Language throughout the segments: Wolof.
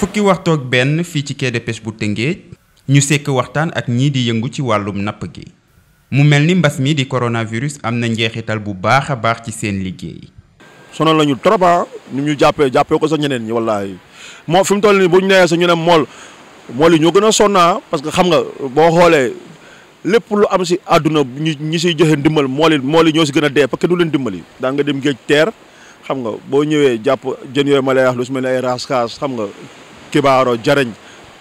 fukki waxtu ak ben fi ci quai de pêche bu Tëngéej ñu sék waxtaan ak ñi di yëngu ci walum nap gi mu melni mbass mi di coronavirus am na bu baaxa baax ci seen liggéey. sonal lañu trop ah ni ñu jappé jappé ko sa ñeneen ñi wallahi mo fim toll ni bu ñu sa ñu ne mol mool yi ñoo gën a ah, parce que xam nga bo xolé lepp lu am ci aduna ñi ñi joxe ndimbal mool yi ñoo ci gëna dé parce que du leen dimbali. da nga dem géej terre xam nga bo ñëwé japp jeun yoy ma wax lu ay xam nga kibaaro jariñ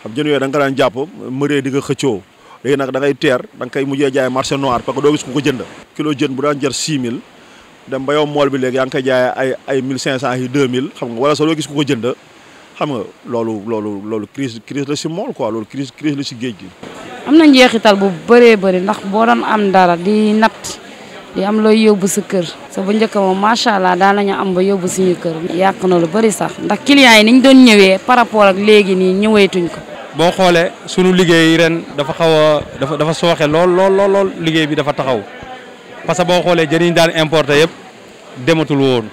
xam jën yooyu da nga daan jàpp mëree di nga xëccoo léegi nag da teer da mujjee jaay marché noir parce doo gis ku ko jënd kilo jën bu daan jar 6000 dem ba mool bi léegi yaa ngi koy jaayee ay ay 1500 yi 2000 xam nga wala sax doo gis ku ko jënd xam nga loolu loolu loolu crise crise la si mool quoi loolu crise crise la si géej gi am na njeexital bu bëree bëri ndax boo doon am dara di natt di am looy yóbbu sa kër sa bu njëkk moom macha allah daan nañu am ba yóbbu suñu kër yàq na lu bëri sax ndax clients yi niñ doon ñëwee par rapport ak léegi nii ñëweetuñ ko boo xoolee sunu liggéey ren dafa xaw a dafa dafa sooxe lool lool liggéey bi dafa taxaw parce que boo xoolee jën yi ñu yëpp dematul woon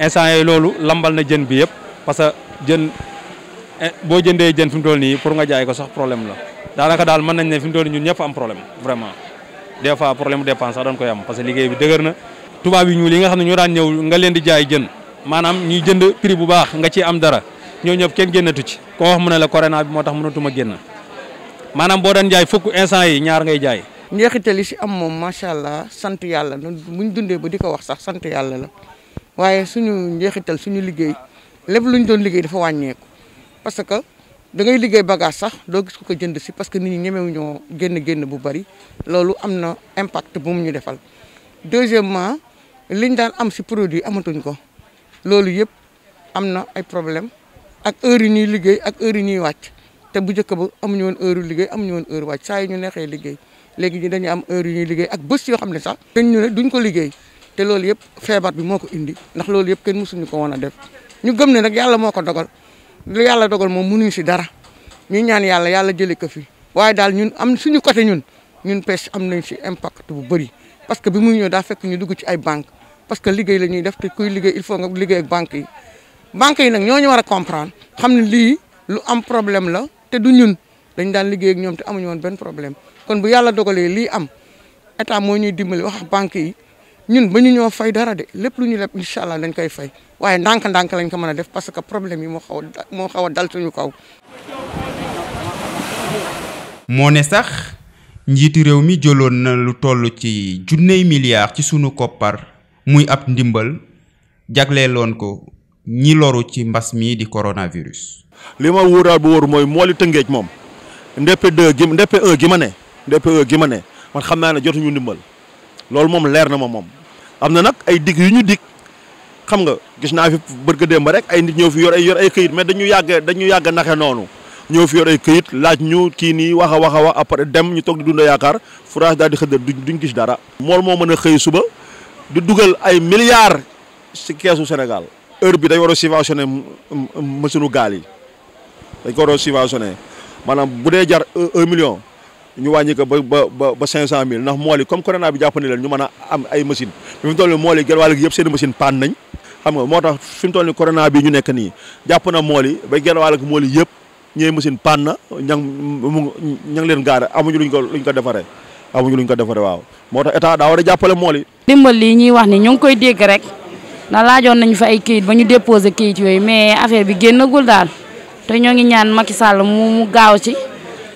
instant loolu lambal na jën bi yëpp parce que jën eh, boo jëndee jën fi mu toll nii pour jaay ko sax problème daanaka daal mën nañ ne fi toll nii ñun ñëpp am problème vraiment des fois problème dépense da dañ koy am parce que liggéey bi deugerna tuba bi ñu li nga xam ñu daan ñew nga leen di jaay jeun manam ñi jënd prix bu baax nga ci am dara ñoo ñop kenn gennatu ci ko wax mu ne la corona bi motax tax mënatuma genn manam bo daan jaay fukk instant yi ñaar ngay jaay njeexital li ci am moom macha allah sant yàlla buñ dundee di wax sax sante yalla la waye suñu njeexital suñu liggéey lepp luñ doon liggéey dafa wàññeeku parce que da ngay liggéey bagage sax doo gis ku ko jënd si parce que nit ñi ñemewuñoo génn génn bu bari loolu am na impact bu ñu defal deuxièmement liñ daan am si produit amatuñ ko loolu yëpp am na ay problème ak heure yi ñuy liggéey ak heure yi ñuy wàcc te bu njëkk ba amuñu woon heure liggéey amuñu woon heure wàcc saa yi ñu neexee liggéey léegi ñu dañuy am heure yu ñuy liggéey ak bés yoo xam ne sax dañ ñu duñ ko liggéey te loolu yëpp feebar bi moo ko indi ndax loolu yëpp kenn mësuñu ko woon a def ñu gëm ne nag yàlla moo ko dogal lu yàlla dogal moom mënuñ si dara ñu ñaan yàlla yàlla jëlee ko fi waaye daal ñun am suñu côté ñun ñun pêche am nañ si impact bu bëri parce que bi muy ñëw daa fekk ñu dugg ci ay banque parce que liggéey lañu ñuy def te kuy liggéey il faut nga liggéey ak banques yi banques yi nag ñoo ñu war a comprendre xam ne lii lu am problème la te du ñun dañ daan liggéey ak ñoom te amuñu woon benn problème kon bu yàlla dogalee lii am état moo ñuy dimbali wax banque yi ñun ba ñu ñoo fay dara de lépp lu ñu leb incha allah dañ koy fay waaye ndànk-ndànk lañ ko mën a def parce que problème yi moo xaw a moo xaw a dal ñu kaw. moo ne sax njiitu réew mi jëloon na lu toll ci junney milliards ci sunu koppar muy ab ndimbal jagleloon ko ñi loru ci mbas mii di coronavirus. li ma wóoraal bu wóor mooy mooli Tëngéej moom ndeppe deux gi ndeppe gi ma ne ndeppe gi ma ne man xam naa ne jotuñu ndimbal. loolu moom leer na ma moom am na nag ay digg yu ñu dikk xam nga gis naa fi bërka démb rek ay nit ñëw fi yor ay yor ay këyit mais dañu yàgg dañu yàgg a naxe noonu ñëw fi yor ay këyit laaj ñu kii nii wax a wax a wax dem ñu toog di dunda yaakaar forage daal di xëddal duñ gis dara mool moo mën a xëy suba di dugal ay milliards ci keesu Sénégal heure bi dañ war a subventionné mësunu gaal yi dañ ko war a subventionné maanaam bu dee jar un million ñu wàññi ko ba ba ba cinq cent mille ndax mool comme corona bi jàppandi leen ñu mën a am ay machine bi mu toll nii mool yi gerwaale yëpp seen machine paan xam moo tax fi mu toll nii corona bi ñu nekk nii jàpp na mool yi ba gerwaale gi mool yi yëpp ñooy machine paan na ña mu ña ngi leen gaare amuñu luñ ko luñ ko defaree amuñu luñ ko defaree waaw moo tax état daa war a jàppale mool yi. dimbal lii ñuy wax ni ñu ngi koy dégg rek na laajoon nañ fa ay kayit ba ñu déposé kayit yooyu mais affaire bi génnagul daal te ñoo ngi ñaan Macky Sall mu mu gaaw ci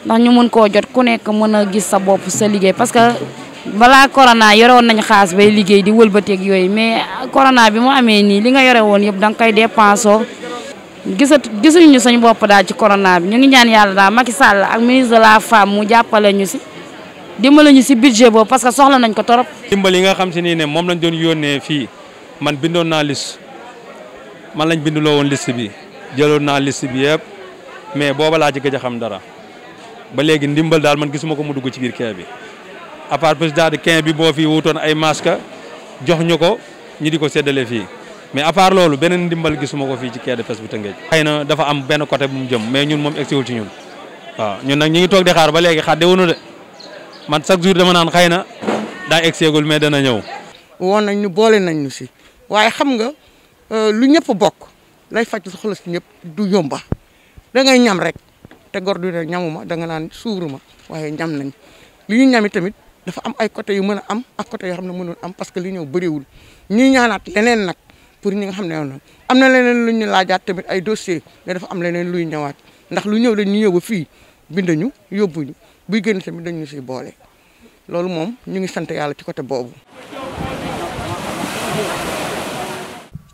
ndax ñu mun koo jot ku nekk mën a gis sa bopp sa liggéey parce que balaa corona yoroon nañ xaas bay liggéey di wël wëlbateeg yooyu mais corona bi mu amee nii li nga yore woon yëpp da nga koy dépensoo gisat gisuñu suñu bopp daal ci corona bi ñu ngi ñaan yàlla daal Macky Sall ak ministre de la femme mu jàppale ñu si dimbale ñu si budget boobu parce que soxla nañ ko torop dimbal yi nga xam si nii ne moom lañ doon yónnee fii man bindoon naa lis man lañ binduloo woon liste bi jëloon naa liste bi yëpp mais booba laa ci gëj xam dara ba léegi ndimbal daal man gisuma ko mu dugg ci biir kee bi à part plus tard quin bi boo fi wutoon ay masque jox ñu ko ñi di ko séddale fii mais à loolu beneen ndimbal gisuma ko fii ci quai de pêche bu Tëngéej xëy na dafa am benn côté bu mu jëm mais ñun moom egsiwul ci ñun waaw ñun nag ñu ngi toog di xaar ba léegi xadde wunu de man chaque jour dama naan xëy na daa egseegul mais dana ñëw woon nañ ñu boole nañ ñu si waaye xam nga euh, lu ñëpp bokk lay faj soxla si ñëpp du yomba ngay ñam rek te gor du ne ñamuma da nga nan suuruma waye ñam nañ li ñu ñami tamit dafa am ay côté yu mëna am ak côté yo xam am parce que li bëri wul ñi ñaanat leneen nak pour ñi nga xamne amna am leneen lu ñu tamit ay dossier mais dafa am leneen luy ñewat ndax lu ñëw dañ ñu yóbbu fi bindañu yóbbuñu buy gën tamit dañ ñu si boole lolu mom, ñu ngi sante yalla ci côté bobu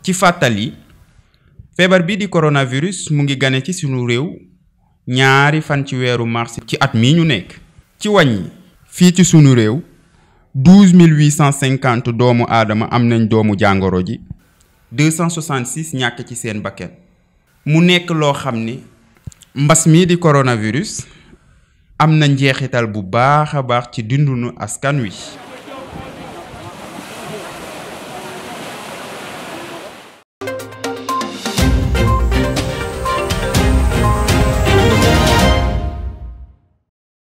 ci fatali febar bi di coronavirus mu ngi gané ci sunu rew ñaari fan ci weeru mars ci at mi ñu nekk ci wàññi fii ci sunu réew 12 850 doomu aadama am nañ doomu jàngoro ji 266 ñàkk ci seen bakket mu nekk loo xam ni mbas mii di coronavirus am na njeexital bu baax a baax ci dundunu askan wi